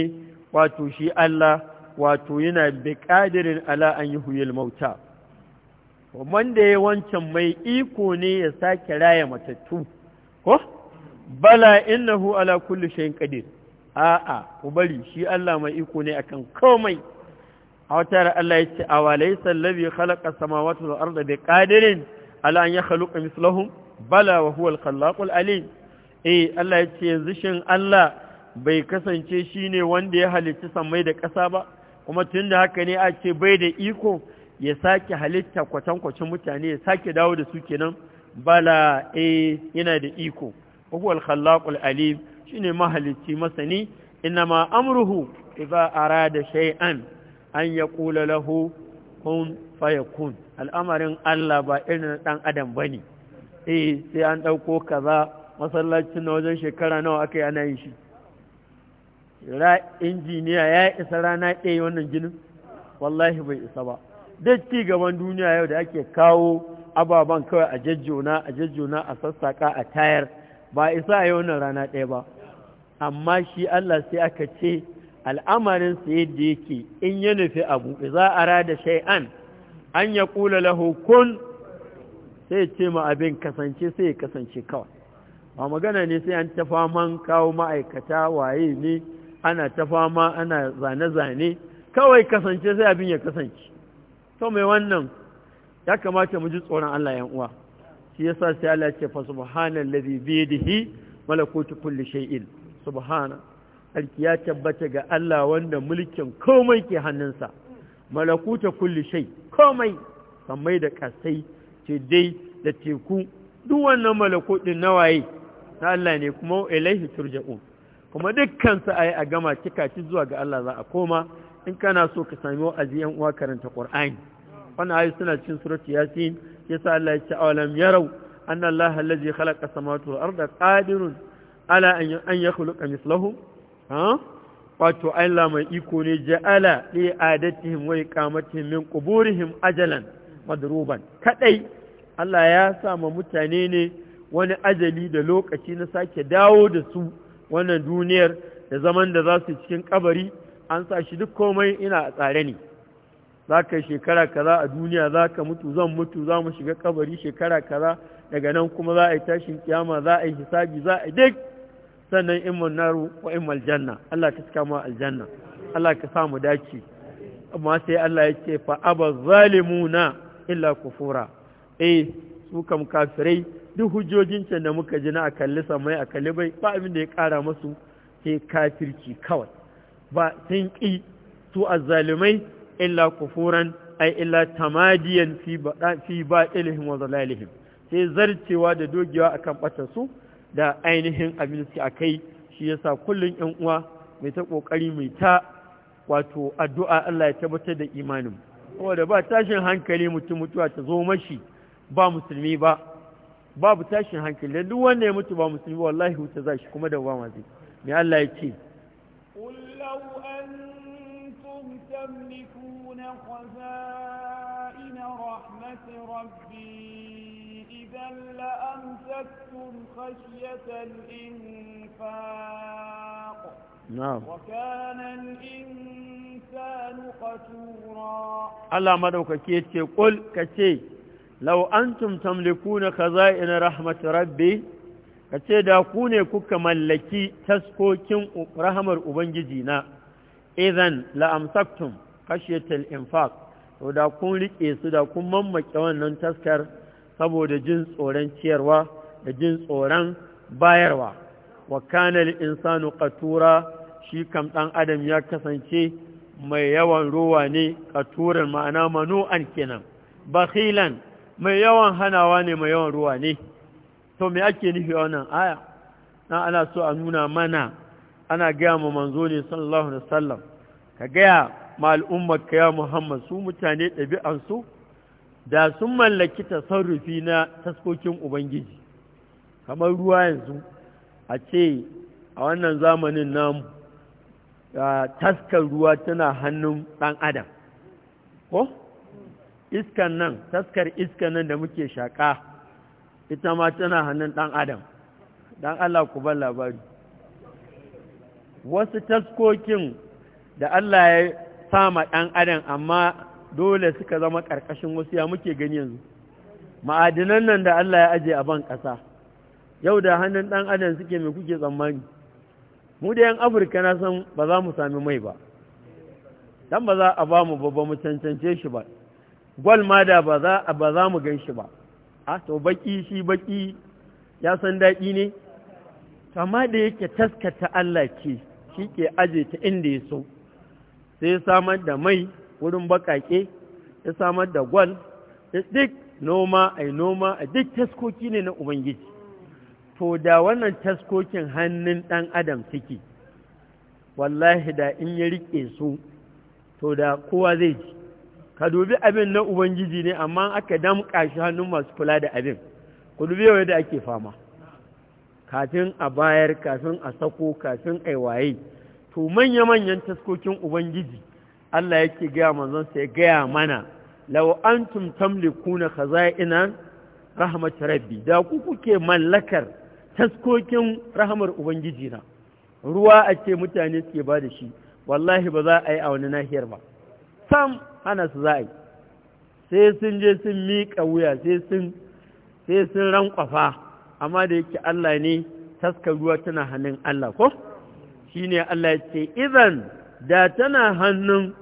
wato shi Allah wato yana bi kadirin ala an yi huyul mauta wanda ya wancan mai iko ne ya sake raya matattu ko bala innahu ala kulli shay'in qadir a'a ku bari shi Allah mai iko ne akan komai a wata Allah ya ce a awalaysa allazi khalaqa samawati wal arda kadirin ala an yakhluqa mislahum bala wa huwa khallaqul alim eh Allah ya ce yanzu shin Allah bai kasance shine wanda ya halitta samai da ƙasa ba kuma tun da haka ne a ce bai da iko ya sake halitta kwatankwacin mutane ya sake dawo da su kenan bala eh yana da iko wa huwa khallaqul alim shine mahalicci masani inma amruhu idza arada shay'an an ya ƙula lahu kun fayakun al'amarin Allah ba irin na ɗan adam ba ne eh sai an ɗauko kaza masallacin na wajen shekara nawa aka yi ana yin shi ra injiniya ya isa rana ɗaya wannan ginin wallahi bai isa ba duk ci gaban duniya yau da ake kawo ababen kawai a jejjona a jejjona a sassaƙa a tayar ba isa a yi wannan rana ɗaya ba amma shi Allah sai aka ce al'amarin su yadda yake in ya nufi a buɗe, za a rada shay'an an ya kula lahu kun sai ce ma abin kasance sai ya kasance kawai ba magana ne sai an ta faman kawo ma'aikata waye ne ana ta fama ana zane-zane kawai kasance sai abin ya kasance to mai wannan ya kamata mu ji tsoron Allah yan uwa shi yasa sai Allah ya ce fa subhanallazi bihi malakutu kulli shay'in subhana tsarki ya tabbata ga Allah wanda mulkin komai ke hannunsa malakuta kulli shai komai sammai da kasai ce dai da teku duk wannan malakutin nawaye na Allah ne kuma ilaihi turja'un kuma dukkan su ayi a gama cika ci zuwa ga Allah za a koma in kana so ka sami wa'azi yan uwa karanta Qur'ani wannan ayoyi suna cikin surati Yasin yasa Allah ya ce awalam yarau anna Allah allazi khalaqa samawati wal arda qadirun ala an yakhluqa mithlahum wato Allah mai iko ne ja'ala li adatihim wa iqamatihim min quburihim ajalan madruban kadai Allah ya sa ma mutane ne wani ajali da lokaci na sake dawo da su wannan duniyar da zaman da za su cikin kabari an sa shi duk komai ina a tsare ne za ka shekara kaza a duniya za ka mutu zan mutu za mu shiga kabari shekara kaza daga nan kuma za a yi tashin kiyama za a yi hisabi za a yi duk sannan imman naru wa imman aljanna Allah ka cika mu aljanna Allah ka sa dace amma sai Allah ya ce fa abaz zalimuna illa kufura eh su kam kafirai duk hujjojin can da muka ji na a kalli samai a kalli bai ba abin da ya kara masu sai kafirci kawai ba sun ki su azzalimai illa kufuran ai illa tamadiyan fi ba ilihim wa zalalihim sai zarcewa da dogewa akan batar su da ainihin abin a kai shi yasa kullum ‘yan uwa mai ta ƙoƙari mai ta wato addu'a Allah ya tabbatar da imanin saboda ba tashin hankali mutum mutuwa ta zo mashi ba musulmi ba babu tashin hankali da duk wanda ya mutu ba musulmi ba, wallahi huta za shi kuma da ba ma mai Allah ya ce رحمة ربي إذا لأمسكتم خشية الإنفاق نعم وكان الإنسان قتورا الله مدوك كيتي قل كتي لو أنتم تملكون خزائن رحمة ربي kace da ku ne kuka mallaki taskokin rahamar ubangiji na idan la'amsaktum kashiyatul infaq to da kun rike su da kun mammake wannan taskar saboda jin tsoron ciyarwa da jin tsoron bayarwa wa kana insanu katura shi kam dan adam ya kasance mai yawan ruwa ne qaturan ma'ana manu'an kenan bakhilan mai yawan hanawa ne mai yawan ruwa ne to me ake nufi wannan aya na ana so a nuna mana ana gaya ma manzo ne sallallahu alaihi wasallam ka gaya ma al'ummar ka ya Muhammad su mutane su. da sun mallaki tasarrufi na taskokin ubangiji kamar ruwa yanzu a ce a wannan zamanin nan taskar ruwa tana hannun ɗan adam ko iskan nan taskar iskan nan da muke shaƙa ita ma tana hannun ɗan adam dan Allah ku bar labari wasu taskokin da Allah ya sama ɗan adam amma dole suka zama ƙarƙashin wasu ya muke gani yanzu ma'adinan nan da Allah ya aje a ban ƙasa yau da hannun ɗan adam suke mai kuke tsammani mu da yan afirka na san ba za mu sami mai ba dan ba za a ba mu ba mu cancance shi ba gwal ma da ba za a ba za mu gan shi ba a ah, to baki shi baki ya san daɗi ne kama da yake taskata Allah ke shi ke aje ta inda ya so sai samar da mai wurin baƙaƙe ya samar da gwal duk noma ai noma a duk taskoki ne na ubangiji to da wannan taskokin hannun ɗan adam suke wallahi da in ya riƙe su to da kowa zai ji ka dubi abin na ubangiji ne amma aka damƙa shi hannun masu kula da abin ku dubi yau yadda ake fama kafin a bayar kafin a sako kafin a waye to manya-manyan taskokin ubangiji Allah yake gaya manzon sai gaya mana law antum tamlikuna khaza'ina rahmat rabbi da ku kuke mallakar taskokin rahmar ubangiji na ruwa a ce mutane suke ba da shi wallahi ba za a yi a wani nahiyar ba sam hana su za a yi sai sun je sun miƙa wuya sai sun sai sun rankwafa amma da yake Allah ne taskar ruwa tana hannun Allah ko shine Allah ya ce idan da tana hannun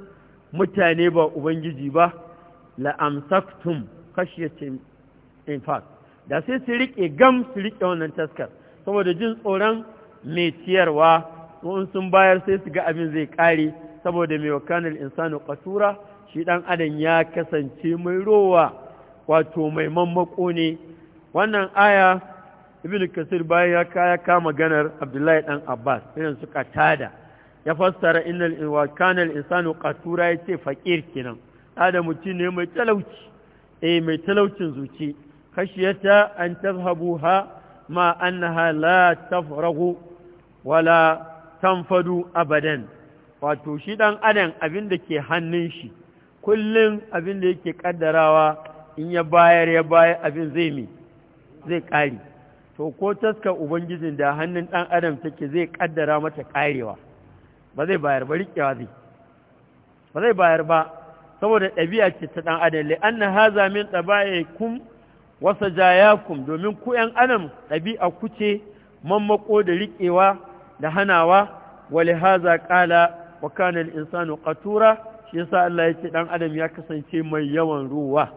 mutane ba ubangiji ba la'amsaktum in fact, da sai su riƙe gam su riƙe wannan taskar saboda jin tsoron mai ciyarwa in sun bayar sai su ga abin zai ƙare saboda mai wakanar insanu ƙasura shi ɗan adam ya kasance mai rowa wato mai mammako ne wannan aya ibn kasir bayan ya kaya kama ganar abdullahi ɗan abbas irin suka tada ya fassara innal wa kana al-insanu qatura yace fakir kinan Adamu ci ne mai talauci eh mai talaucin zuci khashiyata an tazhabuha ma annaha la tafrahu wala tanfadu abadan wato shi dan adam abin da ke hannun shi kullum abin da yake kaddarawa in ya bayar ya bayar abin zai mi zai kare to ko taska ubangijin da hannun dan adam take zai kaddara mata karewa ba zai bayar ba zai ba zai bayar ba saboda ɗabi'a ce ta ɗan adam le an na haza min ɗaba'ikum wasa kun, domin ku ‘yan adam ɗabi'a ku ce mammako da riƙewa da hanawa wale haza ƙala wa kanar insanu ƙatura. shi yasa Allah ya ce ɗan adam ya kasance mai yawan ruwa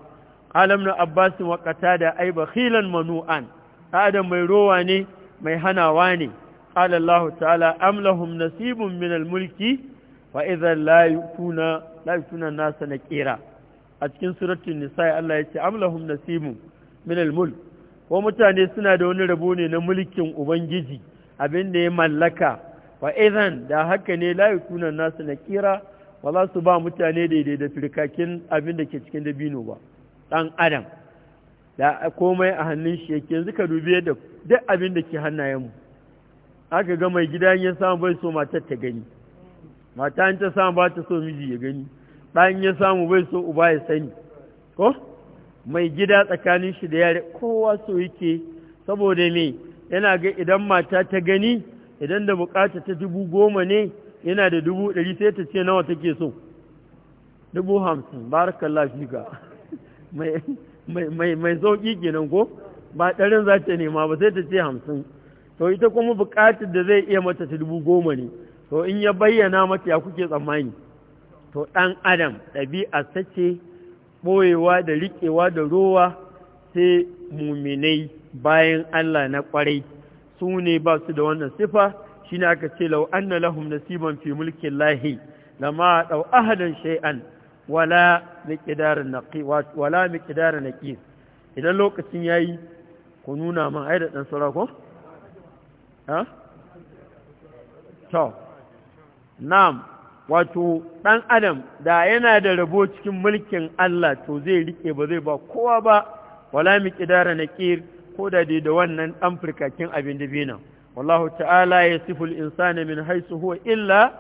alam na abbasin wa da ai bakhilan manu'an adam mai rowa ne mai hanawa ne قال الله تعالى أم لهم نصيب من الملك وإذا لا يؤتون لا يؤتون الناس نكيرا أتكن سورة النساء الله يتي أم لهم نصيب من الملك ومتاني سنة دون ربوني نملك أبنجيجي abin da ya mallaka wa da haka ne la yutuna nasu nakira ba za su ba mutane daidai da firkakin abin da ke cikin dabino ba ɗan adam da komai a hannun shi yake yanzu ka dubi yadda abin da ke hannayenmu aka ga mai gida ya samu bai so matar ta gani mata ta samu ba ta so miji ya gani ɗan ya samu bai so uba ya sani ko mai gida tsakanin shi da yare kowa so yake saboda me yana ga idan mata ta gani idan da bukata ta dubu goma ne yana da dubu ɗari sai ta ce nawa take so dubu hamsin barakan lafiya mai mai mai sauƙi kenan ko ba ɗarin za ta nema ba sai ta ce hamsin to ita kuma buƙatar da zai iya mata ta dubu goma ne to in ya bayyana mata ya kuke tsammani to ɗan adam ɗabi'a ta ce ɓoyewa da riƙewa da rowa sai muminai bayan Allah na ƙwarai su ne ba su da wannan sifa shi ne aka ce lau an na lahum nasiban fi mulkin lahi lama ɗau ahadan shay'an wala na naƙi idan lokacin ya yi ku nuna man ai da ɗan sarakon ha eh? to nam wato ɗan adam da yana da rabo cikin mulkin Allah to zai riƙe ba zai ba kowa ba wala kidara na kir ko da da wannan ɗan firkakin abin da bina wallahu ta'ala ya siful insani min haisu huwa illa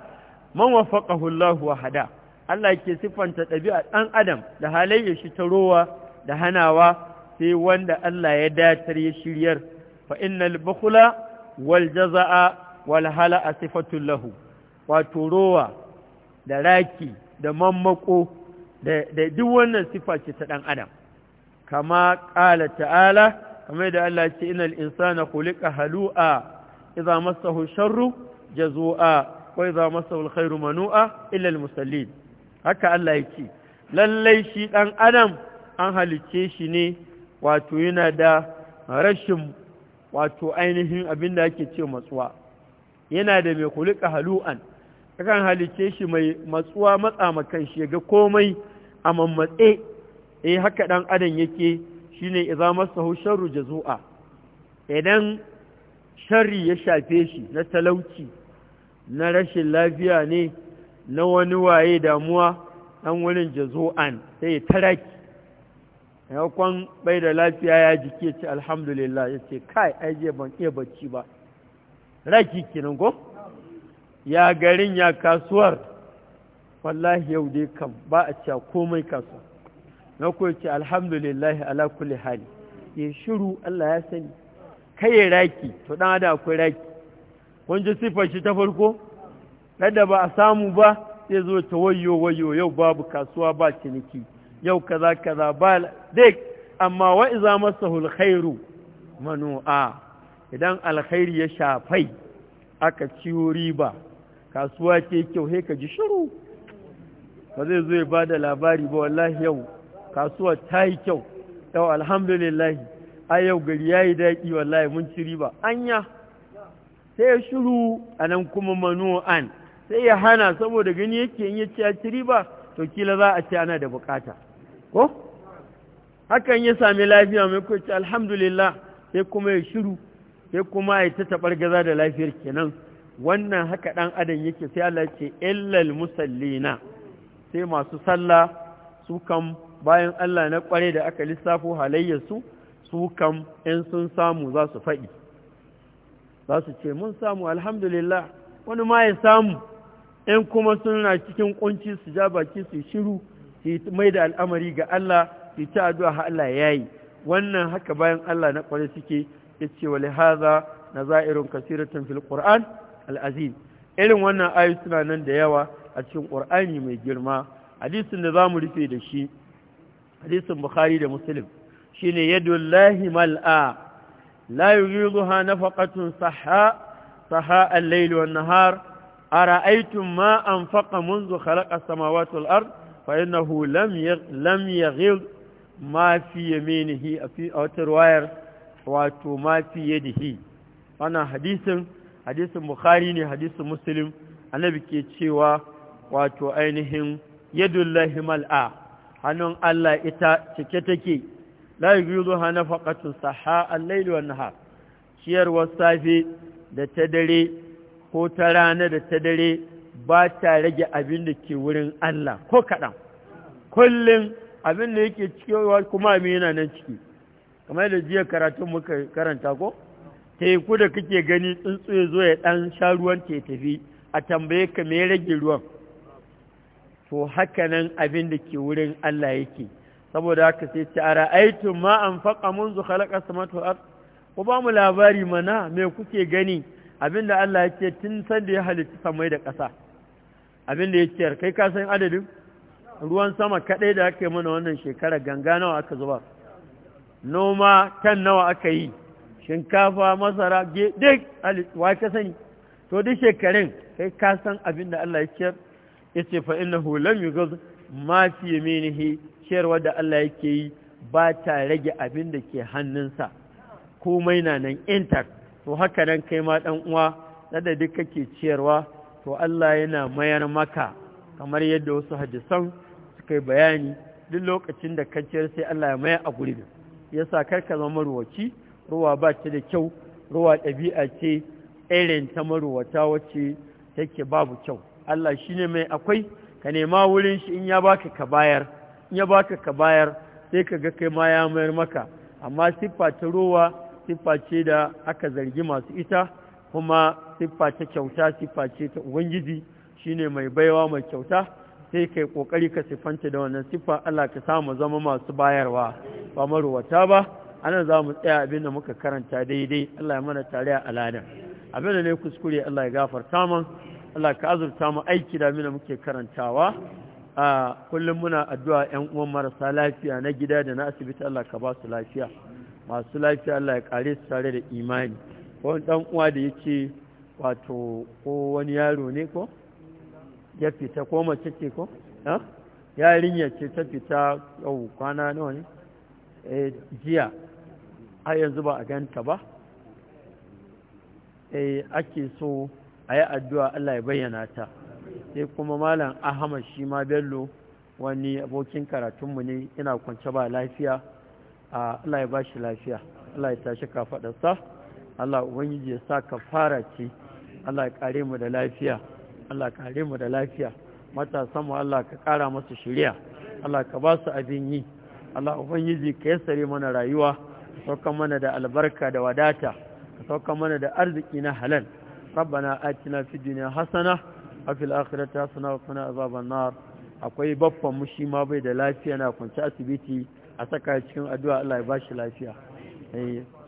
man wafaqahu Allah wa hada Allah ke siffanta ɗabi'a ɗan adam da halayya shi ta rowa da hanawa sai wanda Allah ya datar ya shiryar fa innal bukhla waljaza'a jaza'a wal hala sifatun lahu wato rowa da raki da mammako da duk wannan sifa ce ta ɗan adam kama ƙala ta'ala kamar da Allah ce inal insana khuliqa halu'a idza massahu sharru jazu'a wa idza massahu alkhairu manu'a illa almusallin haka Allah yake lallai shi ɗan adam an halicce shi ne wato yana da rashin wato ainihin abin da ake ce matsuwa yana da mai kulika halu'an kakan halice shi mai matsuwa matsa makan shi ga komai a mammatse eh haka dan adam yake shine idza masahu sharru jazua idan sharri ya shafe shi na talauci na rashin lafiya ne na wani waye damuwa dan wurin jazu'an sai taraki yankon bai da lafiya ya jike ce alhamdulillah ya ce kai aije ban iya bacci ba raki kinan ko ya garin ya kasuwar wallahi yau dai kam ba a cewa komai kasuwa na ko ce alhamdulillah ala kulli hali ya shiru Allah ya sani kai raki to dan ada akwai raki kun ji sifar ta farko da ba a samu ba zai zo ta wayo wayo yau babu kasuwa ba ciniki yau kaza kaza ba dek, amma wa iza masahul khairu manu'a idan alkhairi ya shafai aka ciwo riba kasuwa ce kyau sai ka ji shiru ba zai zo ya da labari ba wallahi yau kasuwa ta yi kyau yau alhamdulillah a yau gari ya yi daɗi wallahi mun ci riba anya sai ya shiru a nan kuma manu'an sai ya hana saboda gani yake in ya ci riba to kila za a ci ana da bukata ko hakan ya sami lafiya mai kwace alhamdulillah sai kuma ya shiru sai kuma ya ta taɓar gaza da lafiyar kenan wannan haka ɗan adam yake sai Allah ce illal musallina sai masu sallah su kam bayan Allah na ƙware da aka lissafo halayyarsu su kam in sun samu za su faɗi za su ce mun samu alhamdulillah wani ma ya samu in kuma suna cikin ƙunci su ja baki su shiru ki mai da al'amari ga Allah ki ta addu'a ha Allah yayi wannan haka bayan Allah na kware suke yace wal na zairin kasiratun fil qur'an al irin wannan ayoyi suna nan da yawa a cikin qur'ani mai girma hadisin da zamu rufe da shi hadisin bukhari da muslim shine yadullahi mal'a la yughiduha nafaqatun sahha sahha al-layl wan nahar ra'aitun ma anfaqa منذ خلق السماوات والارض فإنه لم لم يغل ما في يمينه في أو تروير واتو ما في يده أنا حديث حديث بخاري حديث مسلم أنا بكي تشيوا واتو أينهم يد الله ملأ hannun Allah ita cike take la yughidhu hanafaqatu saha al-layl wa an-nahar ciyarwar safe da ta dare ko ta rana da ta dare ba ta rage abin da ke wurin Allah ko kaɗan kullum abin da yake cikewa kuma abin yana nan ciki kamar da jiya karatun muka karanta ko teku da kake gani tsuntsu ya zo ya ɗan sha ruwan ta tafi a tambaye ka mai rage ruwan to haka nan abin da ke wurin Allah yake saboda haka sai ci ara aitu ma an faƙa zu khalaqa samatu ar ku ba mu labari mana me kuke gani abin da Allah yake tun sanda ya halitta samai da ƙasa abin da ya ciyar kai ka san adadin ruwan sama kaɗai da aka yi mana wannan shekara ganga nawa aka zuba noma kan nawa aka yi shinkafa masara duk wa ka sani to duk shekarun kai ka san abin da Allah ya ce ya ce fa innahu lam yughaz ma fi yaminihi ciyarwa da Allah yake yi ba ta rage abin da ke hannunsa komai na nan intact to haka nan kai ma dan uwa da duk kake ciyarwa to Allah yana mayar maka kamar yadda wasu hadisan suka yi bayani duk lokacin da kanciyar sai Allah ya mayar a gurbin yasa karka zama ruwaci ruwa ba ce da kyau ruwa ɗabi'a ce irin ta maruwata wacce take babu kyau Allah shi ne mai akwai ka nema wurin shi in ya baka ka bayar in ya baka ka bayar sai ka ga kai ma ya mayar maka amma siffa ta ruwa siffa ce da aka zargi masu ita kuma siffa ta kyauta siffa ce ta ubangiji shine mai baiwa mai kyauta sai kai kokari ka siffanta da wannan siffa Allah ka samu zama masu bayarwa ba maruwata ba anan za mu tsaya abinda muka karanta daidai Allah ya mana tare a al'ada abin da ne kuskure Allah ya gafarta man Allah ka azurta mu aiki da mina muke karantawa a kullum muna addu'a ‘yan uwan marasa lafiya na gida da na asibiti Allah ka ba su lafiya masu lafiya Allah ya kare su tare da imani wani dan uwa da yake wato ko wani yaro ne ko ya fita ko mace ce ko yarinya ce ta fita yau kwana nawa ne eh, jiya har yanzu ba a ganta ba eh, ake so a yi addu'a Allah ya bayyana ta sai kuma malam ahmad shi ma bello wani abokin karatunmu ne ina kwance ba lafiya ah, Allah ya ba shi lafiya Allah ya tashi kafaɗarsa Allah ubangiji ya sa ka fara ce Allah ya kare mu da lafiya Allah ya kare mu da lafiya Matasanmu Allah ka kara masu shiriya Allah ka ba su abin yi Allah ubangiji ka sare mana rayuwa Ka sauka mana da albarka da wadata Ka sauka mana da arziki na halal rabbana atina fi dunya hasana a fil akhirati hasana wa qina azaban nar akwai baffan mu shi ma bai da lafiya na kwanci asibiti a saka cikin addu'a Allah ya bashi lafiya